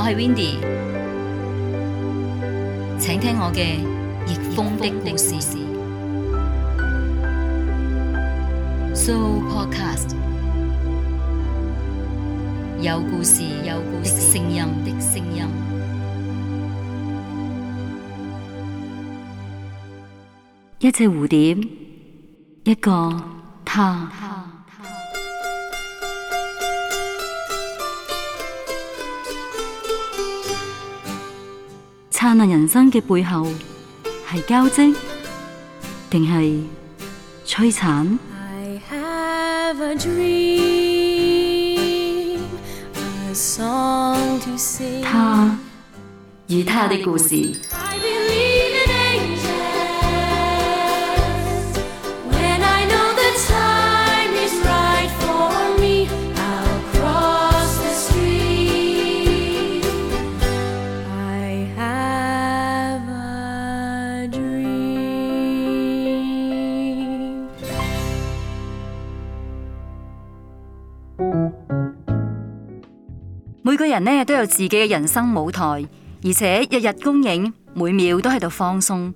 我係 Windy，請聽我嘅逆風的故事。So podcast 有故事，有故事聲音的聲音，一隻蝴蝶，一個他。燦爛人生嘅背後，係交織，定係摧殘？A dream, a sing, 他與他的故事。每個人咧都有自己嘅人生舞台，而且日日公映，每秒都喺度放鬆。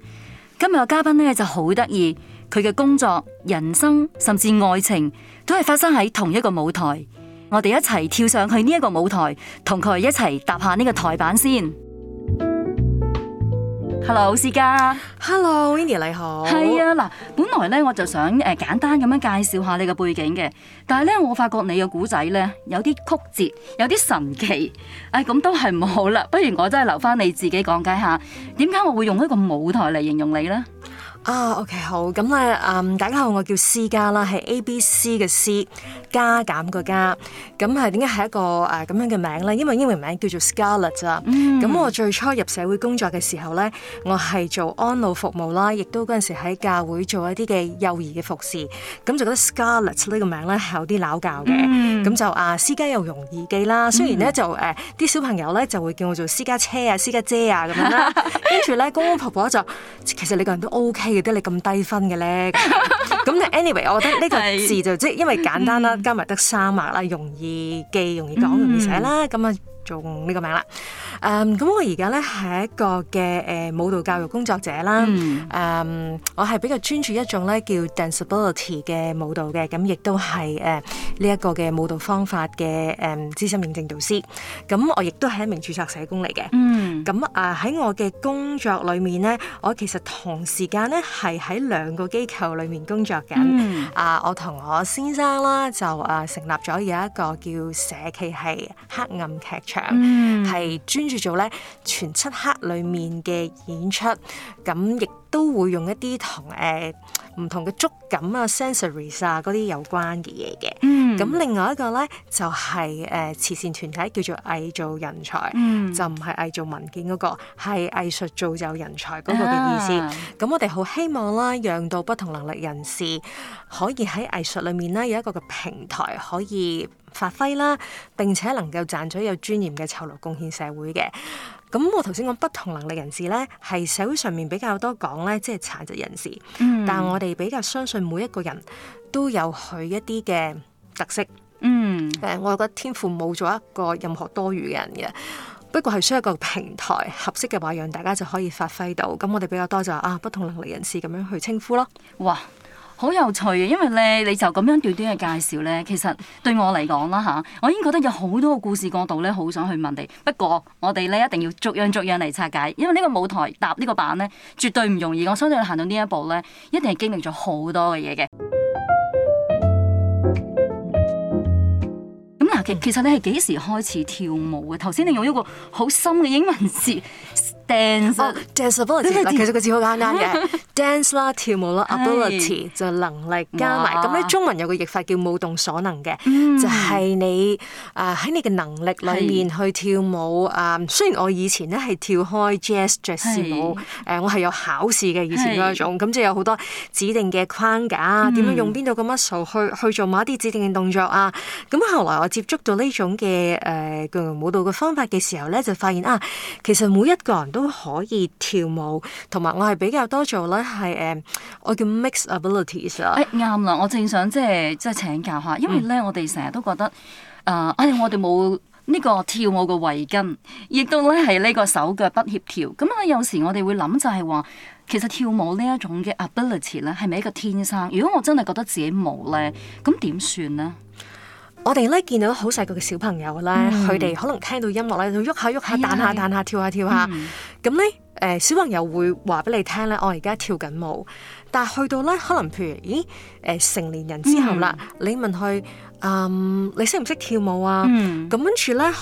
今日嘅嘉賓咧就好得意，佢嘅工作、人生甚至愛情，都係發生喺同一個舞台。我哋一齊跳上去呢一個舞台，同佢一齊踏下呢個台板先。Hello，思嘉。Hello，Andy，你好。係 啊，嗱，本來咧我就想誒簡單咁樣介紹下你嘅背景嘅，但係咧我發覺你嘅古仔咧有啲曲折，有啲神奇，唉，咁都係唔好啦。不如我真係留返你自己講解下，點解我會用一個舞台嚟形容你咧？啊、oh,，OK，好，咁咧，嗯，大家好，我叫施家啦，係 A B C 嘅 C，加減個加，咁係點解係一個誒咁、呃、樣嘅名咧？因為英文名叫做 Scarlett 啊，咁我最初入社會工作嘅時候咧，我係做安老服務啦，亦都陣時喺教會做一啲嘅幼兒嘅服侍，咁就覺得 Scarlett 呢個名咧係有啲拗教嘅，咁、mm. 就啊，施家又容易記啦，雖然咧就誒啲、呃、小朋友咧就會叫我做私家車啊、私家姐啊咁樣啦，跟住咧公公婆婆就其實你個人都 OK。點解你咁低分嘅咧？咁 anyway， 我覺得呢個字就即、是、係是因為簡單啦，嗯、加埋得三畫啦，容易記，容易講，容易寫啦，咁啊、嗯。嗯做呢個名啦，誒、um, 咁我而家咧係一個嘅誒、呃、舞蹈教育工作者啦，誒、mm. um, 我係比較專注一種咧叫 danceability 嘅舞蹈嘅，咁亦都係誒呢一個嘅舞蹈方法嘅誒資深認證導師，咁、嗯、我亦都係一名注冊社工嚟嘅，mm. 嗯，咁啊喺我嘅工作裏面咧，我其實同時間咧係喺兩個機構裏面工作緊，啊、mm. 呃、我同我先生啦就誒、啊、成立咗有一個叫社企係黑暗劇場係專注做咧全漆黑裏面嘅演出，咁亦都會用一啲同誒唔、呃、同嘅觸感啊、sensories、mm hmm. 啊，嗰啲有關嘅嘢嘅。咁另外一個咧就係、是、誒、呃、慈善團體叫做藝造人才，mm hmm. 就唔係偽造文件嗰、那個，係藝術造就人才嗰個嘅意思。咁、ah. 我哋好希望啦，讓到不同能力人士可以喺藝術裏面咧有一個嘅平台可以。發揮啦，並且能夠賺取有尊嚴嘅酬勞，貢獻社會嘅。咁我頭先講不同能力人士咧，係社會上面比較多講咧，即係殘疾人士。嗯，但我哋比較相信每一個人都有佢一啲嘅特色。嗯，誒、呃，我覺得天賦冇咗一個任何多餘嘅人嘅，不過係需要一個平台，合適嘅話，讓大家就可以發揮到。咁我哋比較多就話啊，不同能力人士咁樣去稱呼咯。哇！好有趣啊！因為咧，你就咁樣短短嘅介紹咧，其實對我嚟講啦嚇，我已經覺得有好多個故事角度咧，好想去問你。不過我哋咧一定要逐樣逐樣嚟拆解，因為呢個舞台搭呢個板咧，絕對唔容易。我相信你行到呢一步咧，一定係經歷咗好多嘅嘢嘅。咁嗱，其 其實你係幾時開始跳舞嘅？頭先你用一個好深嘅英文字。 dance，dance ability 其實個字好簡單嘅，dance 啦跳舞啦 ability 就能力加埋。咁咧中文有個譯法叫舞動所能嘅，就係你啊喺你嘅能力裏面去跳舞啊。雖然我以前咧係跳開 jazz 爵士舞，誒我係有考試嘅以前嗰種，咁即係有好多指定嘅框架，點樣用邊度嘅 muscle 去去做某一啲指定嘅動作啊。咁後來我接觸到呢種嘅誒舞蹈嘅方法嘅時候咧，就發現啊，其實每一個人。都可以跳舞，同埋我係比較多做咧係誒，我叫 mixed abilities 啊。誒、哎，啱啦，我正想即係即係請教下，因為咧、嗯、我哋成日都覺得誒、呃哎，我哋冇呢個跳舞嘅圍巾，亦都咧係呢個手腳不協調。咁咧有時我哋會諗就係話，其實跳舞呢一種嘅 ability 咧係咪一個天生？如果我真係覺得自己冇咧，咁點算呢？呢我哋咧見到好細個嘅小朋友咧，佢哋、嗯、可能聽到音樂咧，就喐下喐下，彈下彈下，跳下跳下。跳咁咧，誒、呃、小朋友會話俾你聽咧，我而家跳緊舞。但係去到咧，可能譬如，咦，誒、呃、成年人之後啦，嗯、你問佢，嗯，你識唔識跳舞啊？咁跟住咧。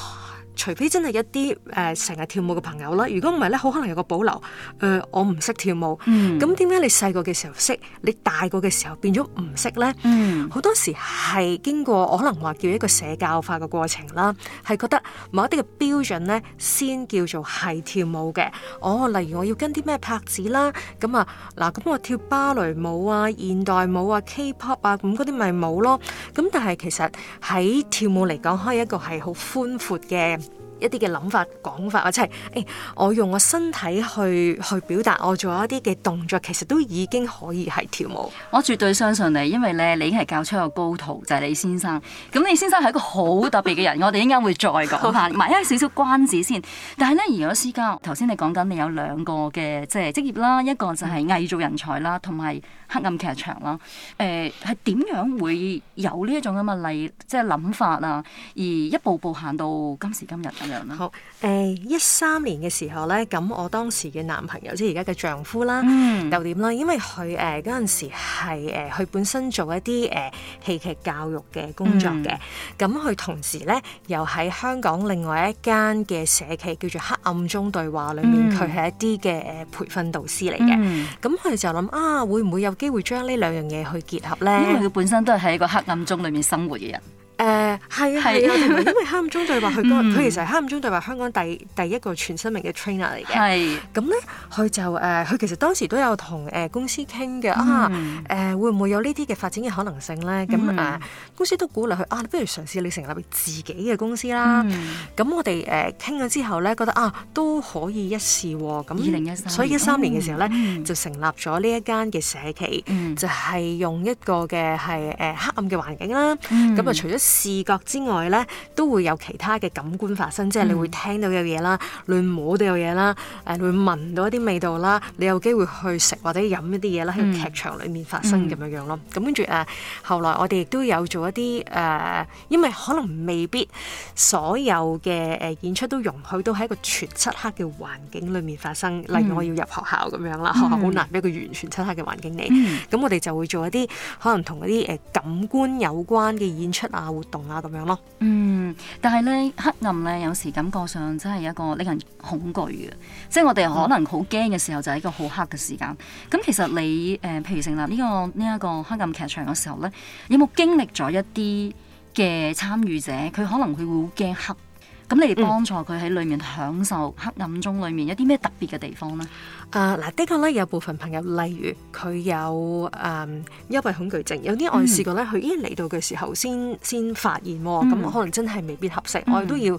除非真係一啲誒成日跳舞嘅朋友啦，如果唔係咧，好可能有個保留。誒、呃，我唔識跳舞，咁點解你細個嘅時候識，你大個嘅時候變咗唔識咧？好、嗯、多時係經過，我可能話叫一個社交化嘅過程啦，係覺得某一啲嘅標準咧，先叫做係跳舞嘅。哦，例如我要跟啲咩拍子啦，咁啊嗱，咁我跳芭蕾舞啊、現代舞啊、K-pop 啊，咁嗰啲咪冇咯。咁但係其實喺跳舞嚟講，可以一個係好寬闊嘅。一啲嘅諗法、講法，或者係誒，我用我身體去去表達，我做一啲嘅動作，其實都已經可以係跳舞。我絕對相信你，因為咧，你已經係教出一個高徒，就係、是、李先生。咁李先生係一個好特別嘅人， 我哋依家會再講下，賣 一少少關子先。但係咧，如果私交，頭先你講緊你有兩個嘅即係職業啦，一個就係藝造人才啦，同埋黑暗劇場啦。誒、呃，係點樣會有呢一種咁嘅例，即係諗法啊？而一步步行到今時今日。好，誒、呃，一三年嘅時候咧，咁我當時嘅男朋友，即係而家嘅丈夫啦，又點咧？因為佢誒嗰陣時係誒，佢、呃、本身做一啲誒戲劇教育嘅工作嘅，咁佢、嗯、同時咧又喺香港另外一間嘅社企叫做黑暗中對話裏面，佢係、嗯、一啲嘅培訓導師嚟嘅。咁佢、嗯、就諗啊，會唔會有機會將呢兩樣嘢去結合咧？因為佢本身都係喺一個黑暗中裏面生活嘅人。誒，係啊，係啊，同埋因為黑暗中對話，佢佢其實係黑暗中對話，香港第第一個全新名嘅 trainer 嚟嘅。係。咁咧，佢就誒，佢其實當時都有同誒公司傾嘅啊，誒會唔會有呢啲嘅發展嘅可能性咧？咁誒公司都鼓勵佢啊，不如嘗試你成立自己嘅公司啦。咁我哋誒傾咗之後咧，覺得啊都可以一試喎。咁二零一所以一三年嘅時候咧，就成立咗呢一間嘅社企，就係用一個嘅係誒黑暗嘅環境啦。咁啊，除咗視覺之外咧，都會有其他嘅感官發生，即係你會聽到嘅嘢啦，你摸到嘅嘢啦，誒、呃，你會聞到一啲味道啦，你有機會去食或者飲一啲嘢啦，喺個、嗯、劇場裏面發生咁、嗯、樣樣咯。咁跟住誒，後來我哋亦都有做一啲誒、呃，因為可能未必所有嘅誒演出都容許到喺一個全漆黑嘅環境裏面發生，例如我要入學校咁樣啦，嗯、學校好難俾個完全漆黑嘅環境你。咁、嗯嗯、我哋就會做一啲可能同一啲誒感官有關嘅演出啊。活動啊，咁樣咯。嗯，但係咧，黑暗咧，有時感覺上真係一個令人恐懼嘅，即係我哋可能好驚嘅時候就係一個好黑嘅時間。咁其實你誒、呃，譬如成立呢個呢一個黑暗劇場嘅時候咧，有冇經歷咗一啲嘅參與者，佢可能佢會好驚黑。咁你哋幫助佢喺裏面享受黑暗中裏面有啲咩特別嘅地方咧？啊嗱，uh, 的確咧有部分朋友，例如佢有誒、嗯、幽閉恐懼症，有啲我試過咧，佢已經嚟到嘅時候先先發現喎，咁、mm. 可能真係未必合適，mm. 我哋都要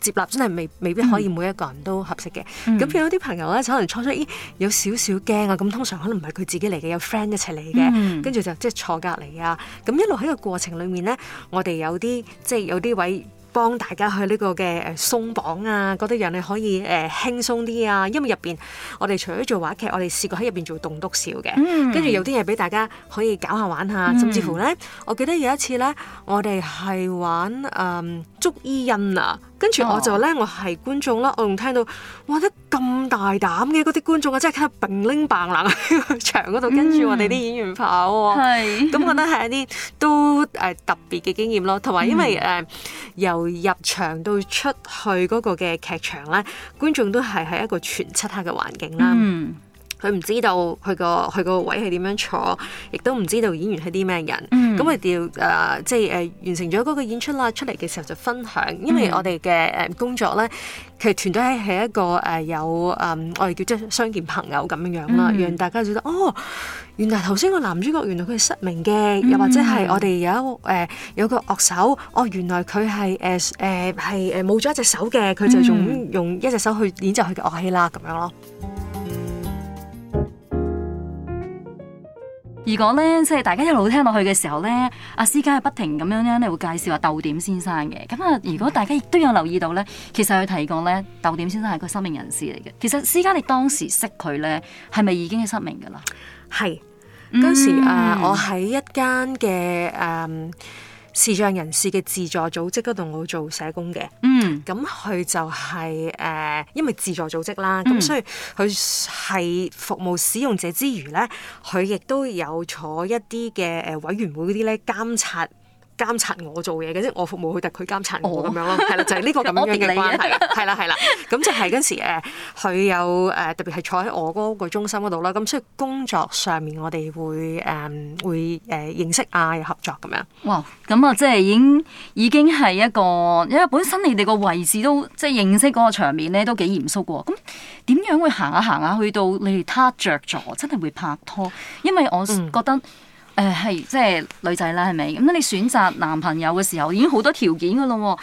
接納真，真係未未必可以每一個人都合適嘅。咁、mm. 有啲朋友咧，就可能初初咦，有少少驚啊，咁通常可能唔係佢自己嚟嘅，有 friend 一齊嚟嘅，跟住、mm. 就即係坐隔離啊，咁一路喺個過程裡面咧，我哋有啲即係有啲位。幫大家去呢個嘅鬆綁啊，嗰啲人你可以誒、呃、輕鬆啲啊，因為入邊我哋除咗做話劇，我哋試過喺入邊做棟篤笑嘅，跟住、嗯、有啲嘢俾大家可以搞下玩下，嗯、甚至乎咧，我記得有一次咧，我哋係玩誒、嗯、捉伊人啊。跟住我就咧，我係觀眾啦，我仲聽到哇，得咁大膽嘅嗰啲觀眾啊，真係並拎棒攬喺個牆嗰度，跟住我哋啲演員跑，咁、嗯嗯、我覺得係一啲都誒特別嘅經驗咯。同埋因為誒、呃、由入場到出去嗰個嘅劇場咧，觀眾都係喺一個全漆黑嘅環境啦。嗯佢唔知道佢個佢個位係點樣坐，亦都唔知道演員係啲咩人。咁、嗯、我哋要、呃、即係誒、呃、完成咗嗰個演出啦，出嚟嘅時候就分享。因為我哋嘅誒工作咧，其實團隊係一個誒、呃、有誒、呃，我哋叫即係相見朋友咁樣樣啦，嗯、讓大家知道哦，原來頭先個男主角原來佢係失明嘅，又或者係我哋有誒、呃、有一個樂手，哦，原來佢係誒誒係誒冇咗一隻手嘅，佢就仲用、嗯、用一隻手去演奏佢嘅樂器啦，咁樣咯。如果咧，即係大家一路聽落去嘅時候咧，阿施嘉係不停咁樣咧會介紹下豆點先生嘅。咁啊，如果大家亦都有留意到咧，其實佢提過咧，豆點先生係個失明人士嚟嘅。其實施嘉你當時識佢咧，係咪已經係失明噶啦？係，當時啊，嗯 uh, 我喺一間嘅誒。Um, 視障人士嘅自助組織嗰度，我做社工嘅。嗯、mm. 就是，咁佢就係誒，因為自助組織啦，咁、mm. 所以佢係服務使用者之餘咧，佢亦都有坐一啲嘅誒委員會嗰啲咧監察。監察我做嘢嘅，即係我服務佢，但佢監察我咁樣咯，係啦、哦，就係呢個咁樣嘅關係，係啦係啦。咁就係嗰時誒，佢有誒，特別係坐喺我嗰個中心嗰度啦。咁所以工作上面我哋會誒、嗯、會誒認識啊，合作咁樣。哇，咁啊，即係已經已經係一個，因為本身你哋個位置都即係認識嗰個場面咧，都幾嚴肅嘅。咁點樣會行下行下去到你哋撻着咗，真係會拍拖？因為我覺得。嗯誒係、呃、即係女仔啦，係咪？咁你選擇男朋友嘅時候已經好多條件嘅咯。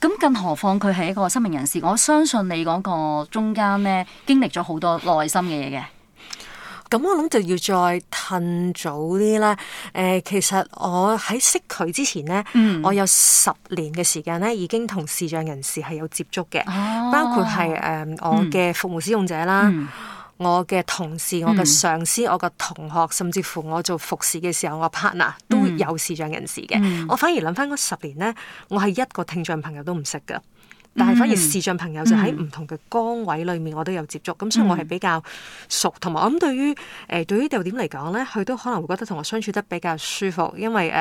咁更何況佢係一個失明人士，我相信你嗰個中間咧經歷咗好多內心嘅嘢嘅。咁我諗就要再褪早啲啦。誒、嗯，其實我喺識佢之前咧，我有十年嘅時間咧已經同視障人士係有接觸嘅，包括係誒我嘅服務使用者啦。我嘅同事、我嘅上司、我嘅同學，甚至乎我做服侍嘅時候，我 partner 都有視障人士嘅。嗯、我反而諗翻嗰十年咧，我係一個聽障朋友都唔識嘅。但係反而視障朋友就喺唔同嘅崗位裏面，我都有接觸。咁、嗯、所以我係比較熟同埋。嗯、我諗對於誒、呃、對於點嚟講咧，佢都可能會覺得同我相處得比較舒服，因為誒、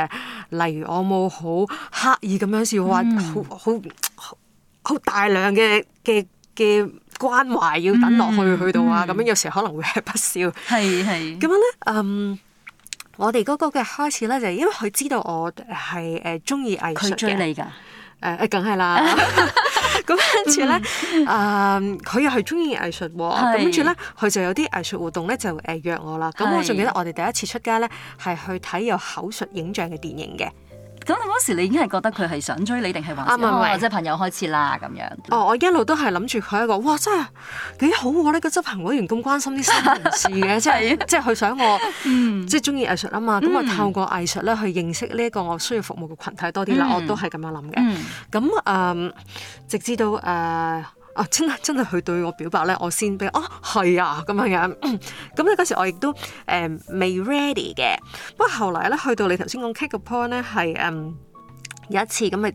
呃，例如我冇好刻意咁樣要話好好好，好，好大量嘅嘅嘅。關懷要等落去去到啊，咁、嗯嗯、樣有時可能會係不笑。係係。咁樣咧，嗯，我哋嗰個嘅開始咧就係、是，因為佢知道我係誒中意藝術嘅。佢追你噶？誒、呃，梗係啦。咁跟住咧，誒、 嗯，佢又係中意藝術喎。咁跟住咧，佢是就有啲藝術活動咧就誒約我啦。咁是我仲記得我哋第一次出街咧係去睇有口述影像嘅電影嘅。咁嗰時你已經係覺得佢係想追你定係還是，是、嗯、或者是朋友開始啦咁樣？哦，我一路都係諗住佢一個，哇，真係幾好喎！呢個執行委員咁關心啲新人事嘅 是、啊，即係即係佢想我、嗯、即係鍾意藝術啊嘛，咁啊透過藝術咧去認識呢一個我需要服務嘅群體多啲啦，嗯、我都係咁樣諗嘅。咁嗯，uh, 直至到誒。Uh, 啊！真係真係佢對我表白咧，我先俾哦係啊咁、啊、樣樣。咁咧嗰時我亦都誒、呃、未 ready 嘅。不過後嚟咧去到你頭先講 kick upon 咧，係嗯，有一次咁咪誒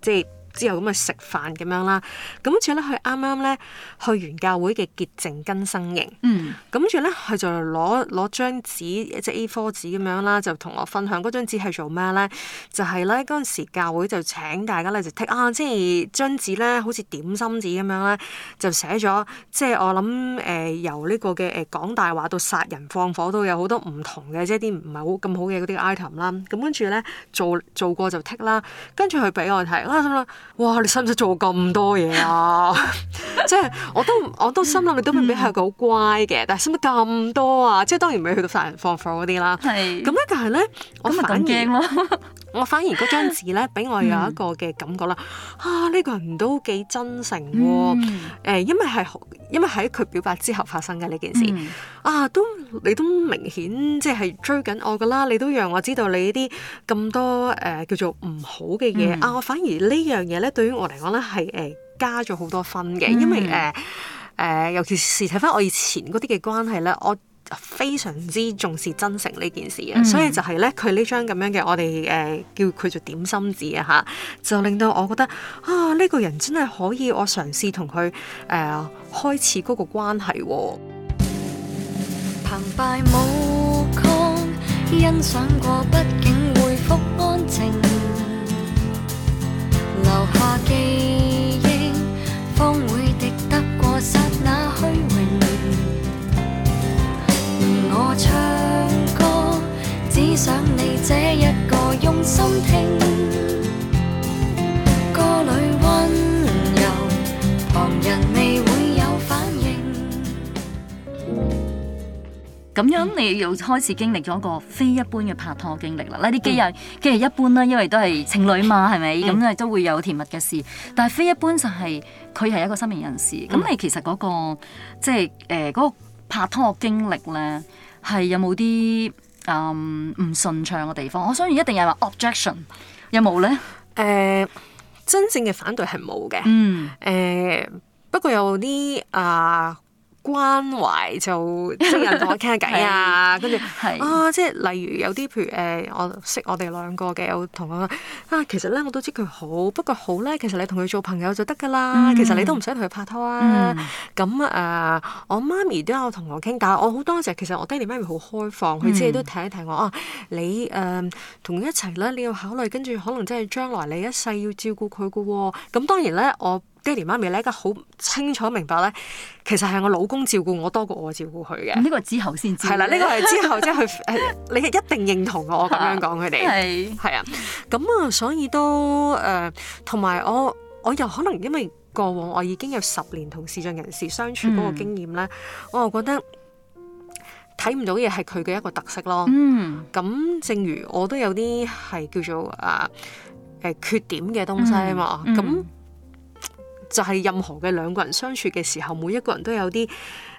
即係。之後咁啊食飯咁樣啦，咁跟住咧佢啱啱咧去完教會嘅潔淨更新營。嗯，咁住咧佢就攞攞張紙，一隻 A4 紙咁樣啦，就同我分享嗰張紙係做咩咧？就係咧嗰陣時教會就請大家咧就剔啊，即係張紙咧好似點心紙咁樣咧，就寫咗即係我諗誒、呃、由呢個嘅誒、呃、講大話到殺人放火都有好多唔同嘅即係啲唔係好咁好嘅嗰啲 item 啦，咁跟住咧做做過就剔啦，跟住佢俾我睇啊咁啊。啊啊啊啊哇！你使唔使做咁多嘢啊？ 即係我都我都心諗你都未必係佢好乖嘅，mm hmm. 但係使唔使咁多啊？即係當然唔係去到殺人放火嗰啲啦。係咁咧，但係咧今天 我咪反驚囉。 我反而嗰張字咧，俾我有一個嘅感覺啦。嗯、啊，呢、這個人都幾真誠喎、嗯。因為係因為喺佢表白之後發生嘅呢件事。嗯、啊，都你都明顯即係追緊我㗎啦。你都讓我知道你呢啲咁多誒、呃、叫做唔好嘅嘢。嗯、啊，我反而呢樣嘢咧，對於我嚟講咧係誒加咗好多分嘅，嗯、因為誒誒、呃呃，尤其是睇返我以前嗰啲嘅關係咧，我。非常之重視真誠呢件事嘅，嗯、所以就係咧，佢呢張咁樣嘅，我哋誒叫佢做點心紙嘅嚇，就令到我覺得啊，呢、呢個人真係可以我嘗試同佢誒開始嗰個關係、哦。澎湃無唱歌，只想你這一個用心聽，歌裏溫柔，旁人未會有反應。咁、嗯、樣你又開始經歷咗一個非一般嘅拍拖經歷啦。呢啲基人基人，一般啦，因為都係情侶嘛，係咪？咁咧、嗯、都會有甜蜜嘅事。但係非一般就係佢係一個失明人士。咁、嗯、你其實嗰、那個即係誒嗰個拍拖嘅經歷咧？係有冇啲嗯，唔順暢嘅地方？我相信一定有話 objection，有冇咧？誒、呃，真正嘅反對係冇嘅。嗯。誒、呃，不過有啲啊。呃關懷就即、是、係人同我傾下偈啊，跟住啊，即係例如有啲譬如誒、呃，我識我哋兩個嘅，有同我啊，其實咧我都知佢好，不過好咧，其實你同佢做朋友就得噶啦，嗯、其實你都唔使同佢拍拖啊。咁啊、嗯呃，我媽咪都有同我傾，但係我好多時其實我爹哋媽咪好開放，佢、嗯、知都提一提我啊。你誒同、呃、佢一齊咧，你要考慮，跟住可能真係將來你一世要照顧佢噶。咁當然咧，我。爹哋媽咪咧，而家好清楚明白咧，其實係我老公照顧我多過我照顧佢嘅。呢、嗯這個之後先知係啦，呢、這個係之後 即係誒，你一定認同我咁樣講佢哋係係啊。咁啊 的，所以都誒，同、呃、埋我我又可能因為過往我已經有十年同視障人士相處嗰個經驗咧，嗯、我又覺得睇唔到嘢係佢嘅一個特色咯。嗯，咁正如我都有啲係叫做啊誒缺點嘅東西啊嘛，咁、嗯。嗯就係任何嘅兩個人相處嘅時候，每一個人都有啲誒、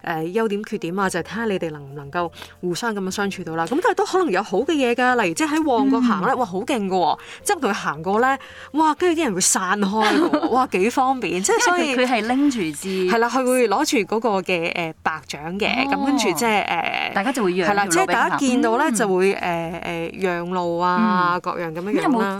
呃、優點缺點啊。就係睇下你哋能唔能夠互相咁樣相處到啦。咁、 嗯、但係都可能有好嘅嘢㗎。例如即係喺旺角行咧，哇，好勁㗎！即係同佢行過咧，哇，跟住啲人會散開，哇，幾方便。即係所以佢係拎住支係啦，佢會攞住嗰個嘅誒白掌嘅咁，跟住即係誒大家、嗯、就會讓係即係大家見到咧就會誒誒讓路啊，各樣咁、嗯嗯嗯、樣樣啦。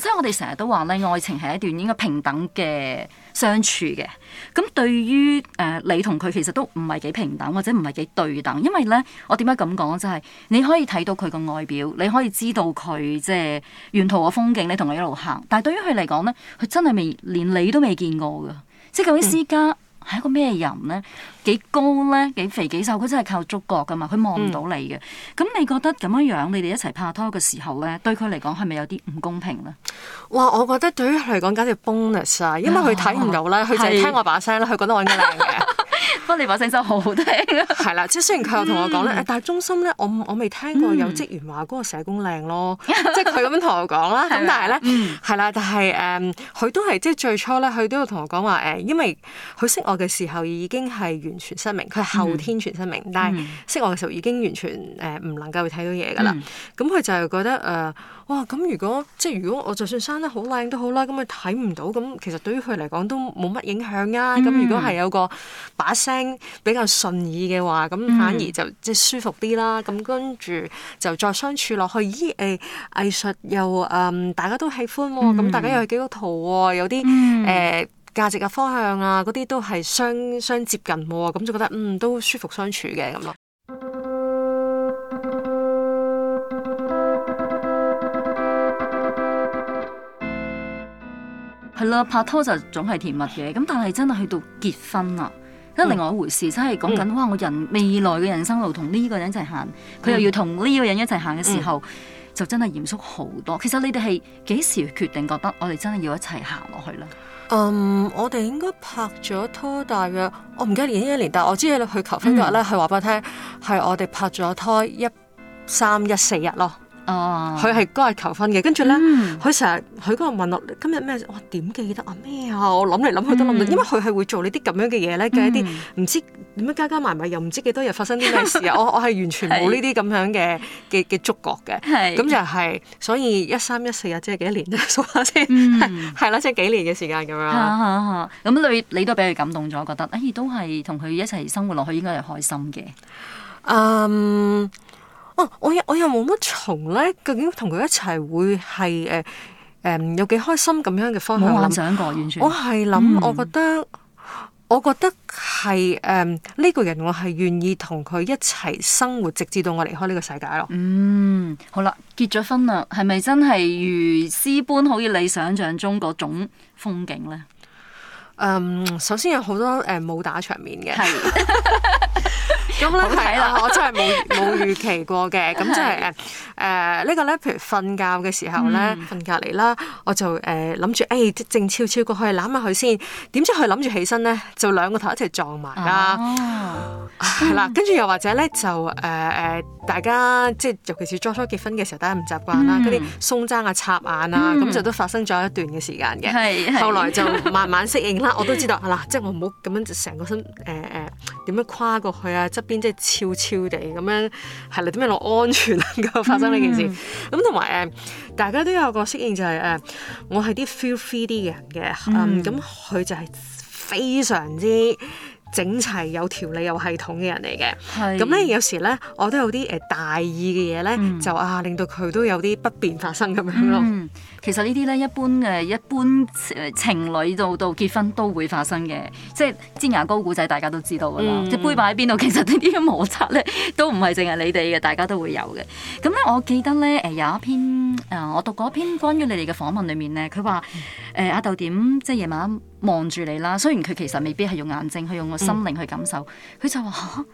所以我哋成日都話咧，愛情係一段應該平等嘅。相處嘅咁，對於誒、呃、你同佢其實都唔係幾平等或者唔係幾對等，因為咧，我點解咁講？就係、是、你可以睇到佢個外表，你可以知道佢即係沿途個風景，你同佢一路行。但對於佢嚟講咧，佢真係未連你都未見過㗎，即係究竟私家。嗯係一個咩人咧？幾高咧？幾肥幾瘦？佢真係靠觸覺噶嘛？佢望唔到你嘅。咁、嗯、你覺得咁樣樣你哋一齊拍拖嘅時候咧，對佢嚟講係咪有啲唔公平咧？哇！我覺得對於佢嚟講簡直 bonus 晒，因為佢睇唔到啦，佢淨係聽我把聲啦，佢是覺得我應該靚嘅。 你把聲真好好聽。係啦，即係雖然佢又同我講咧，嗯、但係中心咧，我我未聽過有職員話嗰個社工靚咯。 即係佢咁樣同我講啦，咁但係咧，係啦，但係誒，佢、嗯、都係即係最初咧，佢都有同我講話誒，因為佢識我嘅時候已經係完全失明，佢係後天全失明，嗯、但係識我嘅時候已經完全誒唔、呃、能夠睇到嘢噶啦。咁佢、嗯嗯、就係覺得誒。呃哇！咁如果即係如果我就算生得好靚都好啦，咁佢睇唔到，咁其實對於佢嚟講都冇乜影響啊。咁、嗯、如果係有個把聲比較順耳嘅話，咁反而就即係舒服啲啦。咁跟住就再相處落去，咦？誒、欸、藝術又誒、呃、大家都喜歡喎、哦，咁、嗯、大家又係基督徒喎，有啲誒、嗯呃、價值嘅方向啊，嗰啲都係相相接近喎、哦，咁就覺得嗯都舒服相處嘅咁咯。係啦，拍拖就總係甜蜜嘅，咁但係真係去到結婚啦，咁另外一回事真講。真係講緊，哇！我人未來嘅人生路同呢個人一齊行，佢又要同呢個人一齊行嘅時候，嗯、就真係嚴肅好多。其實你哋係幾時決定覺得我哋真係要一齊行落去呢？Um, 我哋應該拍咗拖大約，我唔記得幾多年，但係我知咧，你去求婚日咧，佢話俾我聽，係我哋拍咗拖一三一四日咯。佢係嗰日求婚嘅，跟住咧，佢成日佢嗰日問我今日咩、啊？我點記得啊？咩啊？我諗嚟諗去都諗到，mm. 因為佢係會做呢啲咁樣嘅嘢咧，嘅、mm. 一啲唔知點樣加加埋埋，又唔知幾多日發生啲咩事啊！我我係完全冇呢啲咁樣嘅嘅嘅觸覺嘅，咁就係所以一三一四日即係幾多年數下先，係啦，即係、即係、幾年嘅時間咁樣。咁你你都俾佢感動咗，覺得誒都係同佢一齊生活落去應該係開心嘅。嗯。哦，我又我又冇乜從咧，究竟同佢一齊會係誒誒有幾開心咁樣嘅方向諗，想過完全我係諗，我覺得、嗯、我覺得係誒呢個人，我係願意同佢一齊生活，直至到我離開呢個世界咯。嗯，好啦，結咗婚啦，係咪真係如詩般，好似你想象中嗰種風景咧？嗯，首先有好多誒武、呃、打場面嘅的。 咁啦，係啦，我真係冇冇預期過嘅，咁即係誒誒呢個咧，譬如瞓覺嘅時候咧，瞓隔離啦，我就誒諗住即靜悄悄過去攬下佢先，點知佢諗住起身咧，就兩個頭一齊撞埋啦。嗱，跟住又或者咧就誒誒，大家即係尤其是初初結婚嘅時候，大家唔習慣啦，嗰啲鬆踭啊、插眼啊，咁就都發生咗一段嘅時間嘅。後來就慢慢適應啦，我都知道，嗱，即係我唔好咁樣成個身誒誒點樣跨過去啊，邊即係悄悄地咁樣係啦，點樣攞安全能夠發生呢件事？咁同埋誒，大家都有個適應、就係，就係誒，我係啲 feel free 啲嘅人嘅，嗯，嗯，咁佢就係非常之。整齊有條理有系統嘅人嚟嘅，咁咧是有時咧我都有啲誒大意嘅嘢咧，嗯、就啊令到佢都有啲不便發生咁樣咯、嗯嗯。其實呢啲咧一般嘅一般誒情侶到到結婚都會發生嘅，即係尖牙膏古仔大家都知道噶啦。隻、嗯、杯擺喺邊度，其實呢啲嘅摩擦咧都唔係淨係你哋嘅，大家都會有嘅。咁咧我記得咧誒有一篇誒我讀過一篇關於你哋嘅訪問裏面咧，佢話誒阿豆點即係夜晚。望住你啦，雖然佢其實未必係用眼睛，去，用個心靈去感受，佢、嗯、就話、啊、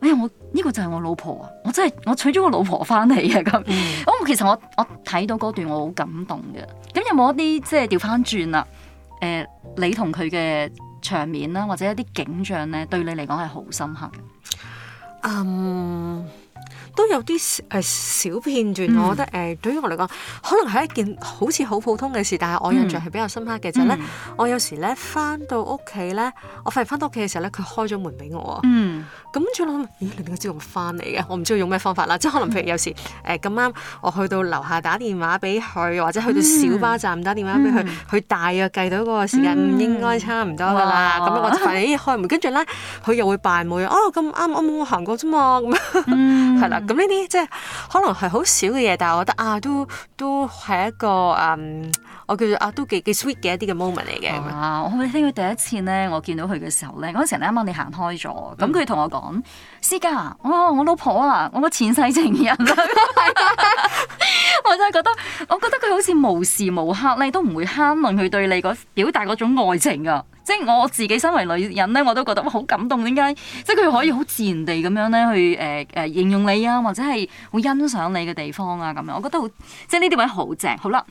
哎呀我呢、呢個就係我老婆啊，我真係我娶咗個老婆翻嚟啊咁，咁、嗯、其實我我睇到嗰段我好感動嘅，咁有冇一啲即係調翻轉啦？誒、呃，你同佢嘅場面啦，或者一啲景象咧，對你嚟講係好深刻嘅。嗯。都有啲誒小、呃、小片段，我覺得誒、呃、對於我嚟講，可能係一件好似好普通嘅事，但係我印象係比較深刻嘅就係、是、咧，嗯、我有時咧翻到屋企咧，我發現翻到屋企嘅時候咧，佢開咗門俾我啊。嗯，咁仲諗，咦你點解知道我翻嚟嘅？我唔知佢用咩方法啦。即係可能譬如有時誒咁啱我去到樓下打電話俾佢，或者去到小巴站打電話俾佢，佢大約計到嗰個時間，唔、嗯、應該差唔多啦。咁樣哇我就誒開門，跟住咧佢又會扮冇哦，咁啱、喔、我冇行過啫嘛。咁 啦。 咁呢啲即係可能係好少嘅嘢，但係我覺得啊，都都係一個嗯。啊，都幾幾 sweet 嘅一啲嘅 moment 嚟嘅。啊，我去聽佢第一次咧，我見到佢嘅時候咧，嗰陣時啱啱你行開咗，咁佢同我講：思嘉我我老婆啊，我個前世情人啊！我真係覺得，我覺得佢好似無時無刻咧都唔會慳，論佢對你表達嗰種愛情啊！即係我自己身為女人咧，我都覺得好感動，點解？即係佢可以好自然地咁樣咧去誒誒、呃呃、形容你啊，或者係好欣賞你嘅地方啊咁樣，我覺得好，即係呢啲位好正。好啦。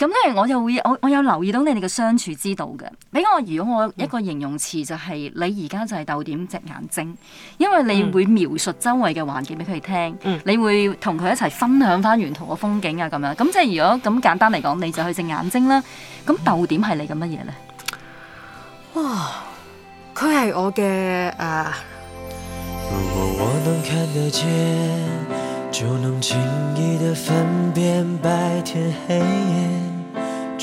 咁咧，我就會我我有留意到你哋嘅相處之道嘅。俾我，如果我一個形容詞就係、是嗯、你而家就係豆點隻眼睛，因為你會描述周圍嘅環境俾佢哋聽，嗯、你會同佢一齊分享翻沿途嘅風景啊咁樣。咁即係如果咁簡單嚟講，你就係隻眼睛啦。咁豆點係你嘅乜嘢咧？哇、哦！佢係我嘅、啊、如果我能能看得見，就能輕易地分辨白天黑夜。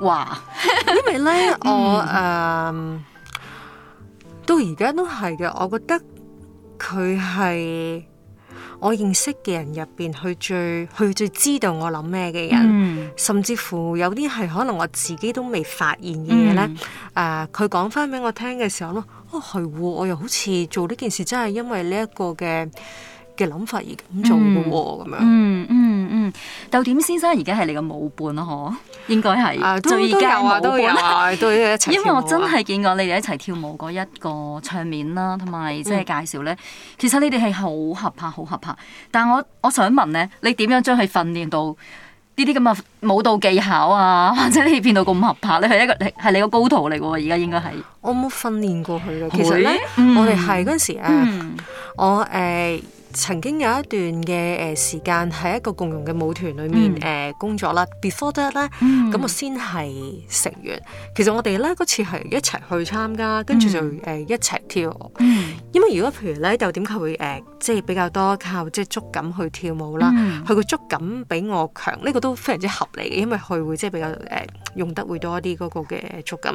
哇！ 因為咧，嗯、我誒、uh, 到而家都係嘅，我覺得佢係我認識嘅人入邊，佢最佢最知道我諗咩嘅人。嗯、甚至乎有啲係可能我自己都未發現嘅嘢咧。誒、嗯呃，佢講翻俾我聽嘅時候咯，哦，係我又好似做呢件事，真係因為呢一個嘅嘅諗法而咁做嘅喎，咁、嗯、樣。嗯嗯嗯。嗯嗯嗯。豆點先生而家係你嘅舞伴咯嗬，應該係，最、啊、有嘛、啊、都，有、啊、都一齊、啊。 因為我真係見過你哋一齊跳舞嗰一個場面啦，同埋即係介紹咧，嗯、其實你哋係好合拍，好合拍。但我我想問咧，你點樣將佢訓練到呢啲咁嘅舞蹈技巧啊，或者你變到咁合拍咧？係一個係你個高徒嚟嘅喎，而家應該係。我冇訓練過佢會其實咧，嗯、我哋係嗰時咧、啊、嗯、我誒。嗯曾經有一段嘅誒時間喺一個共用嘅舞團裏面誒工作啦，before that 咧，咁我先係成員。其實我哋咧嗰次係一齊去參加，跟住就誒一齊跳。因為如果譬如咧就點解會誒即係比較多靠即係觸感去跳舞啦？佢個觸感比我強，呢個都非常之合理嘅，因為佢會即係比較誒用得會多啲嗰個嘅觸感。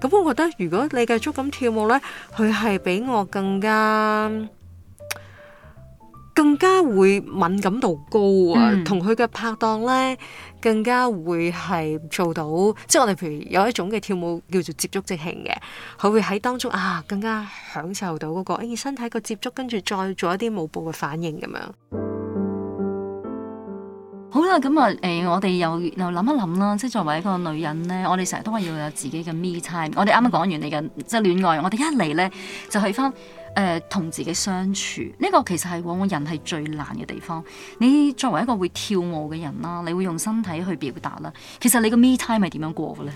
咁我覺得如果你嘅觸感跳舞咧，佢係比我更加，更加會敏感度高啊！同佢嘅拍檔咧，更加會係做到即係我哋譬如有一種嘅跳舞叫做接觸即興嘅，佢會喺當中啊更加享受到嗰、那個誒、哎、身體個接觸，跟住再做一啲舞步嘅反應咁樣。好啦，咁啊誒，我哋又又諗一諗啦，即係作為一個女人咧，我哋成日都話要有自己嘅 me time。我哋啱啱講完你嘅即係戀愛，我哋一嚟咧就係返。誒、呃、同自己相處，呢、這個其實係往往人係最難嘅地方。你作為一個會跳舞嘅人啦，你會用身體去表達啦。其實你個 me time 係點樣過嘅咧？誒、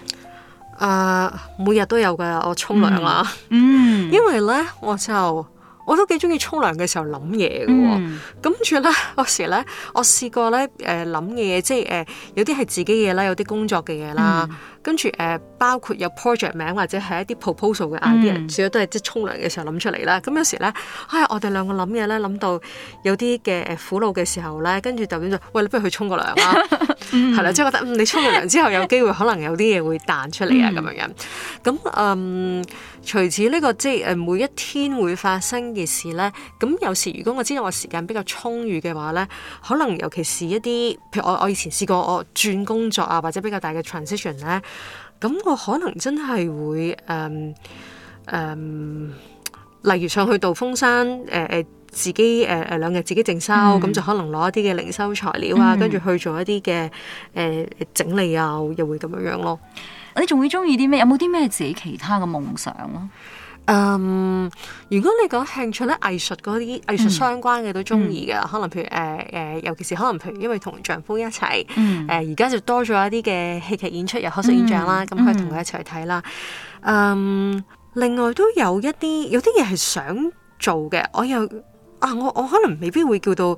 呃，每日都有㗎，我沖涼啦。嗯，因為咧，我就。我都幾中意沖涼嘅時候諗嘢嘅喎，咁跟住咧，嗰時咧，我試過咧誒諗嘅嘢，即係誒有啲係自己嘢啦，有啲工作嘅嘢啦，跟住誒包括有 project 名或者係一啲 proposal 嘅 idea，主要都係即係沖涼嘅時候諗出嚟啦。咁有時咧，唉，我哋兩個諗嘢咧諗到有啲嘅誒苦惱嘅時候咧，跟住就變咗，喂，你不如去沖個涼啦，係啦，即係覺得你沖完涼之後有機會可能有啲嘢會彈出嚟啊咁樣樣，咁嗯。除此呢個即係誒每一天會發生嘅事咧，咁有時如果我知道我時間比較充裕嘅話咧，可能尤其是一啲譬如我我以前試過我轉工作啊，或者比較大嘅 transition 咧，啊，咁我可能真係會誒誒、嗯嗯，例如上去道風山誒誒、呃，自己誒誒、呃、兩日自己靜修，咁，mm hmm. 就可能攞一啲嘅靈修材料啊，跟住，mm hmm. 去做一啲嘅誒整理啊，又會咁樣樣咯。你仲會中意啲咩？有冇啲咩自己其他嘅夢想咯、um, 嗯？嗯，如果你講興趣咧，藝術嗰啲藝術相關嘅都中意嘅。可能譬如誒誒、呃，尤其是可能譬如因為同丈夫一齊，誒而家就多咗一啲嘅戲劇演出、又學術演講啦。咁、嗯、可以同佢一齊去睇啦。嗯，嗯另外都有一啲有啲嘢係想做嘅，我又。啊，我我可能未必會叫到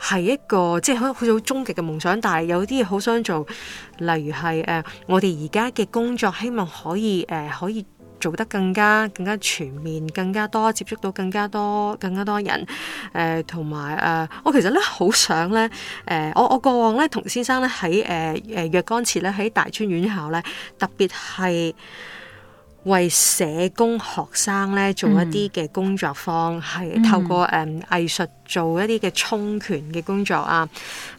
係一個即係好去到終極嘅夢想，但係有啲嘢好想做，例如係誒、呃、我哋而家嘅工作，希望可以誒、呃、可以做得更加更加全面，更加多接觸到更加多更加多人誒，同埋誒我其實咧好想咧誒、呃、我我過往咧同先生咧喺誒誒若干次咧喺大專院校咧，特別係。為社工學生咧做一啲嘅工作坊，係、嗯、透過誒、um, 藝術做一啲嘅充權嘅工作啊，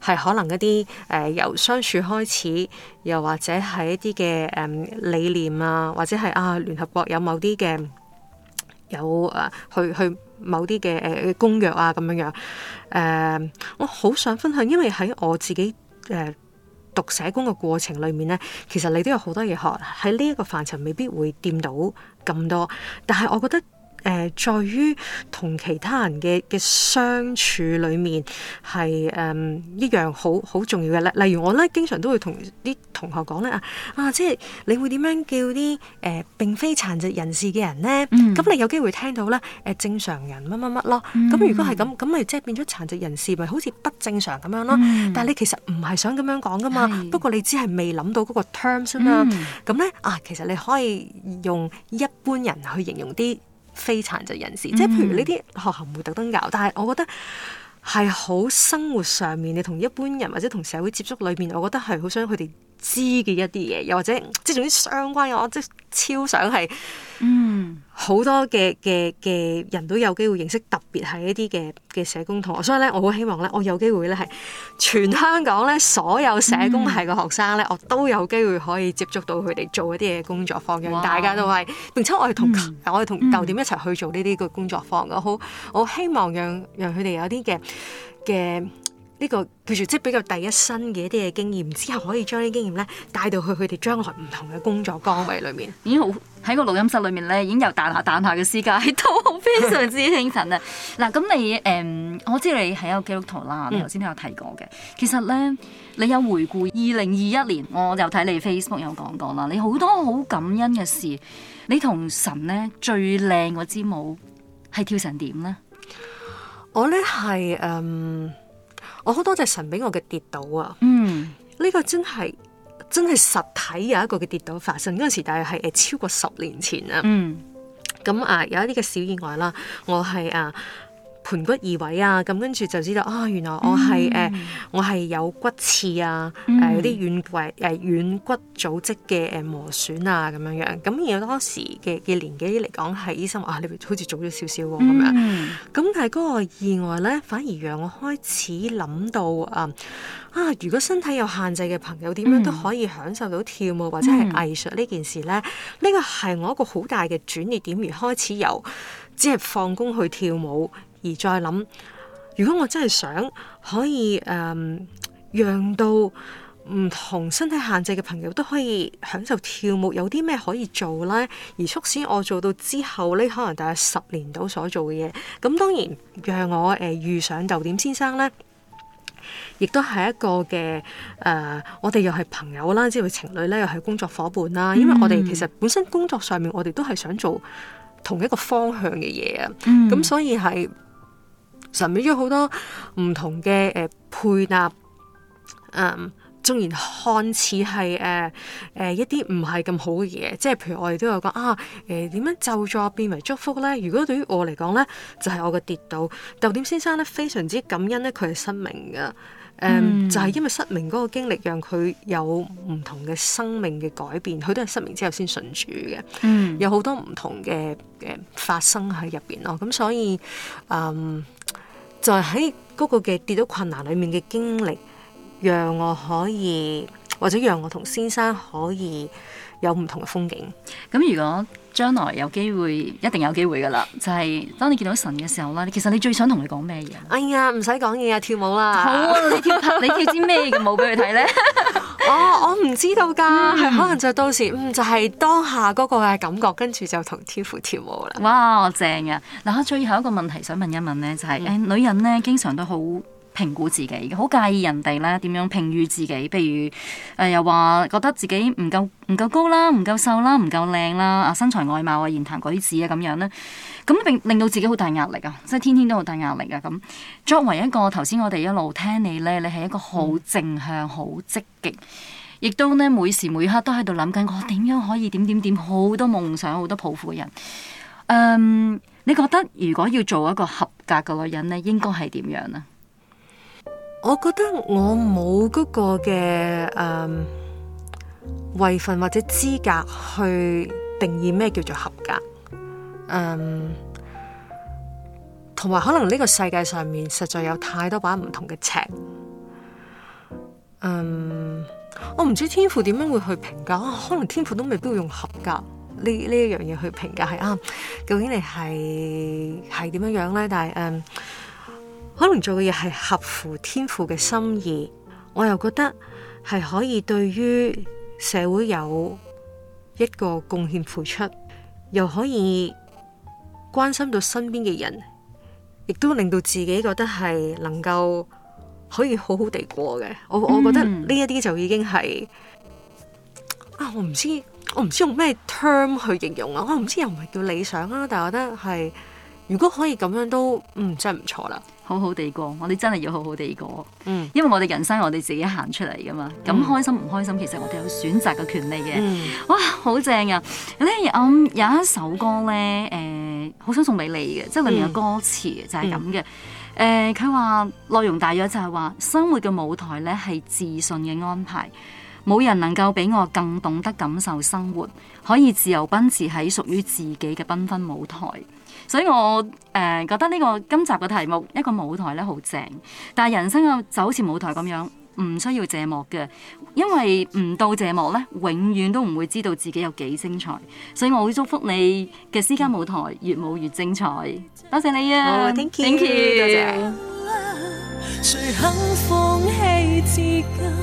係可能一啲誒、呃、由相處開始，又或者係一啲嘅誒理念啊，或者係啊聯合國有某啲嘅有誒、啊、去去某啲嘅誒公約啊咁樣樣。誒、呃，我好想分享，因為喺我自己誒。呃讀社工嘅過程裏面咧，其實你都有好多嘢學，喺呢一個範疇未必會掂到咁多，但係我覺得。誒、呃，在於同其他人嘅嘅相處裏面係誒、嗯、一樣好好重要嘅咧。例如我咧，經常都會同啲同學講咧啊啊，即係你會點樣叫啲誒、呃、並非殘疾人士嘅人咧？咁、嗯、你有機會聽到咧誒、啊、正常人乜乜乜咯。咁、嗯、如果係咁，咁咪即係變咗殘疾人士咪好似不正常咁樣咯？嗯、但係你其實唔係想咁樣講噶嘛。是不過你只係未諗到嗰個 terms 先嘛、嗯。咁咧、嗯、啊，啊，其實你可以用一般人去形容啲非殘疾人士，即係譬如呢啲學校唔會特登教，但係我覺得係好生活上面，你同一般人或者同社會接觸裏面，我覺得係好想佢哋。知嘅一啲嘢，又或者即係總之相關嘅，我即係超想係，嗯，好多嘅嘅嘅人都有機會認識，特別係一啲嘅嘅社工同學。所以咧，我好希望咧，我有機會咧係全香港咧所有社工系嘅學生咧，嗯、我都有機會可以接觸到佢哋做一啲嘅工作方向，哇讓大家都係，並且我係同、嗯、我係同豆點一齊去做呢啲嘅工作坊。我好，我希望讓讓佢哋有啲嘅嘅。呢個叫做即係比較第一身嘅一啲嘅經驗，之後可以將啲經驗咧帶到去佢哋將來唔同嘅工作崗位裏面。已經好喺個錄音室裏面咧，已經有彈下彈下嘅私界，都好非常之興奮啊！嗱， 咁你誒、嗯，我知你喺一個基督徒啦，你頭先都有提過嘅。嗯、其實咧，你有回顧二零二一年，我又睇你 Facebook 有講過啦，你好多好感恩嘅事，你同神咧最靚嗰支舞係跳成點咧？我咧係誒。嗯我好多謝神俾我嘅跌倒啊！呢、嗯、個真係真係實體有一個嘅跌倒發生嗰陣時，大約係超過十年前啦、啊。咁、嗯、啊，有一啲嘅小意外啦，我係啊。盆骨移位啊，咁跟住就知道啊、哦，原來我係誒、嗯呃、我係有骨刺啊，誒啲、嗯呃、軟骨誒、呃、軟骨組織嘅誒磨損啊，咁樣樣。咁而當時嘅嘅年紀嚟講，係醫生話、啊、你好似早咗少少喎咁樣。咁但係嗰個意外咧，反而讓我開始諗到啊、嗯、啊！如果身體有限制嘅朋友，點樣都可以享受到跳舞、嗯、或者係藝術呢件事咧？呢、呢個係我一個好大嘅轉捩點，而開始由只係放工去跳舞。而再諗，如果我真係想可以誒、呃，讓到唔同身體限制嘅朋友都可以享受跳舞，有啲咩可以做咧？而促使我做到之後咧，可能大約十年到所做嘅嘢。咁當然，讓我誒、呃、遇上豆點先生咧，亦都係一個嘅誒、呃，我哋又係朋友啦，即係情侶咧，又係工作伙伴啦。因為我哋其實本身工作上面，我哋都係想做同一個方向嘅嘢啊。咁、嗯、所以係。神俾咗好多唔同嘅誒、呃、配搭，嗯，縱然看似係誒誒一啲唔係咁好嘅嘢，即係譬如我哋都有講啊，誒、呃、點樣咒詛變為祝福咧？如果對於我嚟講咧，就係、是、我嘅跌倒。豆點先生咧，非常之感恩咧，佢係失明嘅，誒、嗯 mm. 就係因為失明嗰個經歷，讓佢有唔同嘅生命嘅改變。佢都係失明之後先信主嘅，mm. 有好多唔同嘅誒、呃、發生喺入邊咯。咁所以，嗯。就喺嗰個嘅跌到困難裏面嘅經歷，讓我可以或者讓我同先生可以有唔同嘅風景。咁如果將來有機會，一定有機會㗎喇。就係、是、當你見到神嘅時候啦，其實你最想同佢講咩嘢？哎呀，唔使講嘢啊，跳舞啦！好啊，你跳拍，你跳支咩嘅舞俾佢睇咧？ 哦，我唔知道㗎，嗯、可能就到時，嗯，就係當下嗰個嘅感覺，跟住就同 Tiff 跳舞啦。哇，我正啊！嗱，最後一個問題想問一問咧、就係，就係誒女人咧，經常都好評估自己，好介意人哋咧點樣評語自己，譬如誒、呃、又話覺得自己唔夠唔夠高啦，唔夠瘦啦，唔夠靚啦，啊身材外貌啊言談舉止啊咁樣咧，咁令令到自己好大壓力啊，即係天天都好大壓力啊咁。作為一個頭先我哋一路聽你咧，你係一個好正向、好積極，亦都咧每時每刻都喺度諗緊我點樣可以點點點，好多夢想、好多抱負嘅人。嗯、um，你覺得如果要做一個合格嘅女人咧，應該係點樣呢？我覺得我冇嗰個嘅，誒、嗯、位分或者資格去定義咩叫做合格，嗯，同埋可能呢個世界上面實在有太多把唔同嘅尺，嗯，我唔知天父點樣會去評價、啊，可能天父都未必會用合格呢、呢一樣嘢去評價係啊，究竟你係係點樣樣咧？但係嗯。可能做嘅嘢係合乎天父嘅心意，我又覺得係可以對於社會有一個貢獻付出，又可以關心到身邊嘅人，亦都令到自己覺得係能夠可以好好地過嘅。我我覺得呢一啲就已經係啊，我唔知我唔知用咩 term 去形容啊。我唔知又唔係叫理想啊，但係我覺得係如果可以咁樣都嗯真係唔錯啦。好好地過，我哋真係要好好地過。嗯，因為我哋人生我哋自己行出嚟噶嘛，咁開心唔開心其實我哋有選擇嘅權利嘅。嗯、哇，好正啊！咧，我有一首歌咧，誒、呃，好想送俾你嘅，即係裡面有歌詞就係咁嘅。誒、嗯，佢話內容大約就係話，生活嘅舞台咧係自信嘅安排。冇人能夠比我更懂得感受生活，可以自由奔馳喺屬於自己嘅繽紛舞台。所以我誒、呃、覺得呢個今集嘅題目一個舞台咧好正，但係人生嘅就好似舞台咁樣，唔需要謝幕嘅，因為唔到謝幕咧，永遠都唔會知道自己有幾精彩。所以，我會祝福你嘅私家舞台越舞越精彩。多謝你啊、oh，Thank you，多謝。